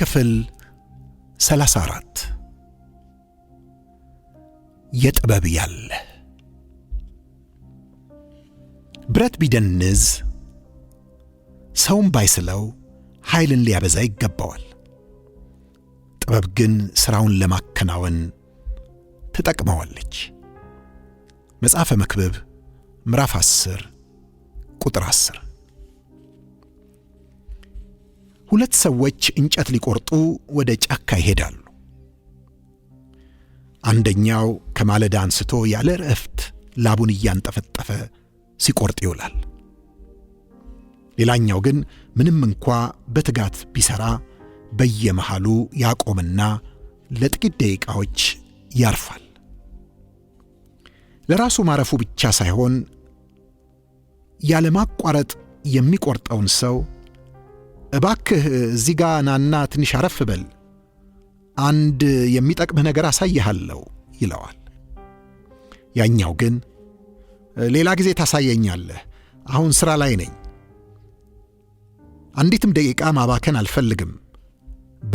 ክፍል 34 የጥበብ ያለ ብረት ቢደንዝ ሰውም ባይስለው ኃይልን ሊያበዛ ይገባዋል። ጥበብ ግን ሥራውን ለማከናወን ትጠቅመዋለች። መጽሐፈ መክብብ ምዕራፍ 10 ቁጥር 10 ሁለት ሰዎች እንጨት ሊቆርጡ ወደ ጫካ ይሄዳሉ። አንደኛው ከማለዳ አንስቶ ያለ እረፍት ላቡን እያንጠፈጠፈ ሲቆርጥ ይውላል። ሌላኛው ግን ምንም እንኳ በትጋት ቢሠራ በየመሃሉ ያቆምና ለጥቂት ደቂቃዎች ያርፋል። ለራሱ ማረፉ ብቻ ሳይሆን ያለማቋረጥ የሚቆርጠውን ሰው እባክህ እዚህ ጋ ናና ትንሽ አረፍ በል፣ አንድ የሚጠቅምህ ነገር አሳይሃለሁ ይለዋል። ያኛው ግን ሌላ ጊዜ ታሳየኛለህ፣ አሁን ሥራ ላይ ነኝ፣ አንዲትም ደቂቃ ማባከን አልፈልግም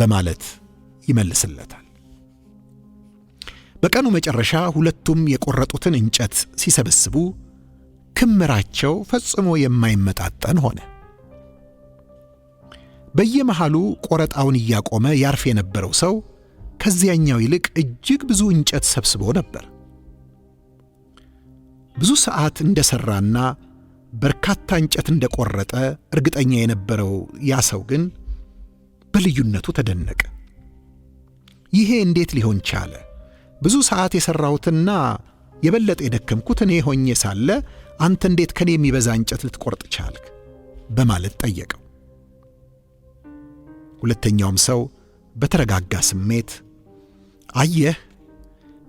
በማለት ይመልስለታል። በቀኑ መጨረሻ ሁለቱም የቆረጡትን እንጨት ሲሰበስቡ ክምራቸው ፈጽሞ የማይመጣጠን ሆነ። በየመሃሉ ቆረጣውን እያቆመ ያርፍ የነበረው ሰው ከዚያኛው ይልቅ እጅግ ብዙ እንጨት ሰብስቦ ነበር። ብዙ ሰዓት እንደሠራና በርካታ እንጨት እንደቆረጠ እርግጠኛ የነበረው ያ ሰው ግን በልዩነቱ ተደነቀ። ይሄ እንዴት ሊሆን ቻለ? ብዙ ሰዓት የሠራሁትና የበለጠ የደከምኩት እኔ ሆኜ ሳለ አንተ እንዴት ከኔ የሚበዛ እንጨት ልትቆርጥ ቻልክ? በማለት ጠየቀው። ሁለተኛውም ሰው በተረጋጋ ስሜት አየህ፣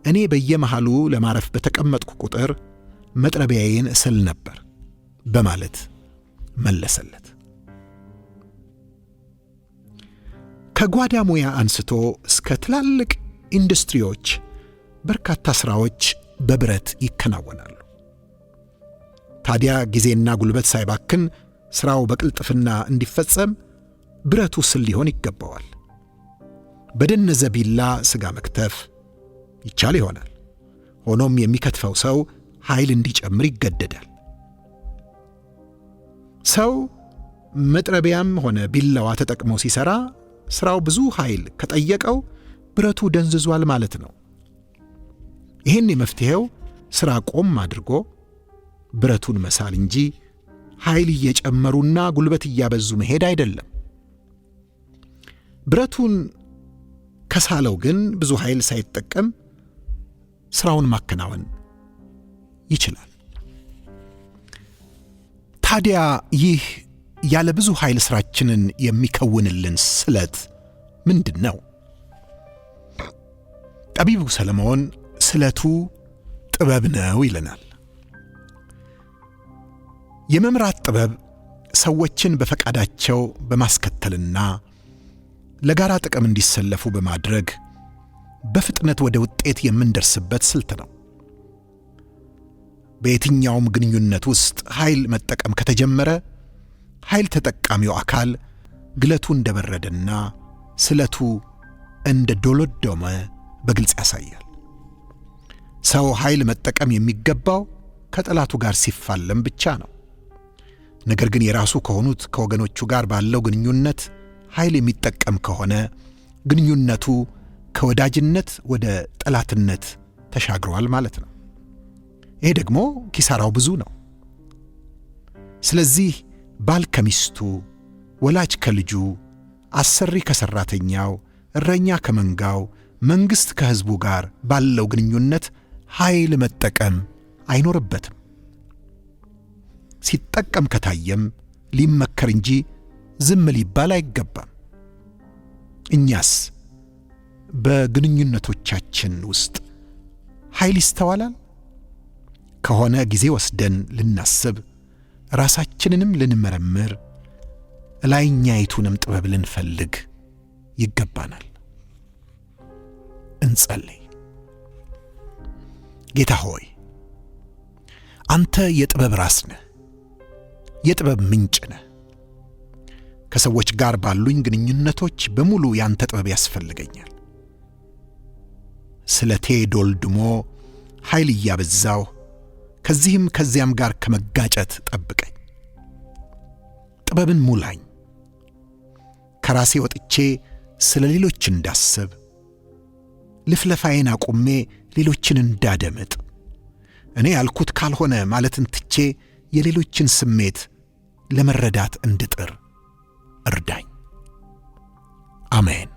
እኔ በየመሃሉ ለማረፍ በተቀመጥኩ ቁጥር መጥረቢያዬን እስል ነበር በማለት መለሰለት። ከጓዳ ሙያ አንስቶ እስከ ትላልቅ ኢንዱስትሪዎች በርካታ ሥራዎች በብረት ይከናወናሉ። ታዲያ ጊዜና ጉልበት ሳይባክን ሥራው በቅልጥፍና እንዲፈጸም ብረቱ ስል ሊሆን ይገባዋል። በደነዘ ቢላ ሥጋ መክተፍ ይቻል ይሆናል። ሆኖም የሚከትፈው ሰው ኃይል እንዲጨምር ይገደዳል። ሰው መጥረቢያም ሆነ ቢላዋ ተጠቅሞ ሲሠራ ሥራው ብዙ ኃይል ከጠየቀው ብረቱ ደንዝዟል ማለት ነው። ይህን የመፍትሔው ሥራ ቆም አድርጎ ብረቱን መሳል እንጂ ኃይል እየጨመሩና ጉልበት እያበዙ መሄድ አይደለም። ብረቱን ከሳለው ግን ብዙ ኃይል ሳይጠቀም ስራውን ማከናወን ይችላል። ታዲያ ይህ ያለ ብዙ ኃይል ስራችንን የሚከውንልን ስለት ምንድን ነው? ጠቢቡ ሰለሞን ስለቱ ጥበብ ነው ይለናል። የመምራት ጥበብ ሰዎችን በፈቃዳቸው በማስከተልና ለጋራ ጥቅም እንዲሰለፉ በማድረግ በፍጥነት ወደ ውጤት የምንደርስበት ስልት ነው። በየትኛውም ግንኙነት ውስጥ ኃይል መጠቀም ከተጀመረ ኃይል ተጠቃሚው አካል ግለቱ እንደበረደና ስለቱ እንደ ዶሎዶመ በግልጽ ያሳያል። ሰው ኃይል መጠቀም የሚገባው ከጠላቱ ጋር ሲፋለም ብቻ ነው። ነገር ግን የራሱ ከሆኑት ከወገኖቹ ጋር ባለው ግንኙነት ኃይል የሚጠቀም ከሆነ ግንኙነቱ ከወዳጅነት ወደ ጠላትነት ተሻግረዋል ማለት ነው። ይሄ ደግሞ ኪሳራው ብዙ ነው። ስለዚህ ባል ከሚስቱ፣ ወላጅ ከልጁ፣ አሰሪ ከሠራተኛው፣ እረኛ ከመንጋው፣ መንግሥት ከሕዝቡ ጋር ባለው ግንኙነት ኃይል መጠቀም አይኖርበትም። ሲጠቀም ከታየም ሊመከር እንጂ ዝም ሊባል አይገባም። እኛስ በግንኙነቶቻችን ውስጥ ኃይል ይስተዋላል? ከሆነ ጊዜ ወስደን ልናስብ፣ ራሳችንንም ልንመረምር፣ ላይኛይቱንም ጥበብ ልንፈልግ ይገባናል። እንጸልይ። ጌታ ሆይ አንተ የጥበብ ራስ ነህ፣ የጥበብ ምንጭ ነህ። ከሰዎች ጋር ባሉኝ ግንኙነቶች በሙሉ ያንተ ጥበብ ያስፈልገኛል። ስለቴ ዶልድሞ ኃይል እያበዛው ከዚህም ከዚያም ጋር ከመጋጨት ጠብቀኝ። ጥበብን ሙላኝ። ከራሴ ወጥቼ ስለ ሌሎች እንዳስብ፣ ልፍለፋዬን አቁሜ ሌሎችን እንዳደምጥ፣ እኔ ያልኩት ካልሆነ ማለትን ትቼ የሌሎችን ስሜት ለመረዳት እንድጥር እርዳኝ። አሜን።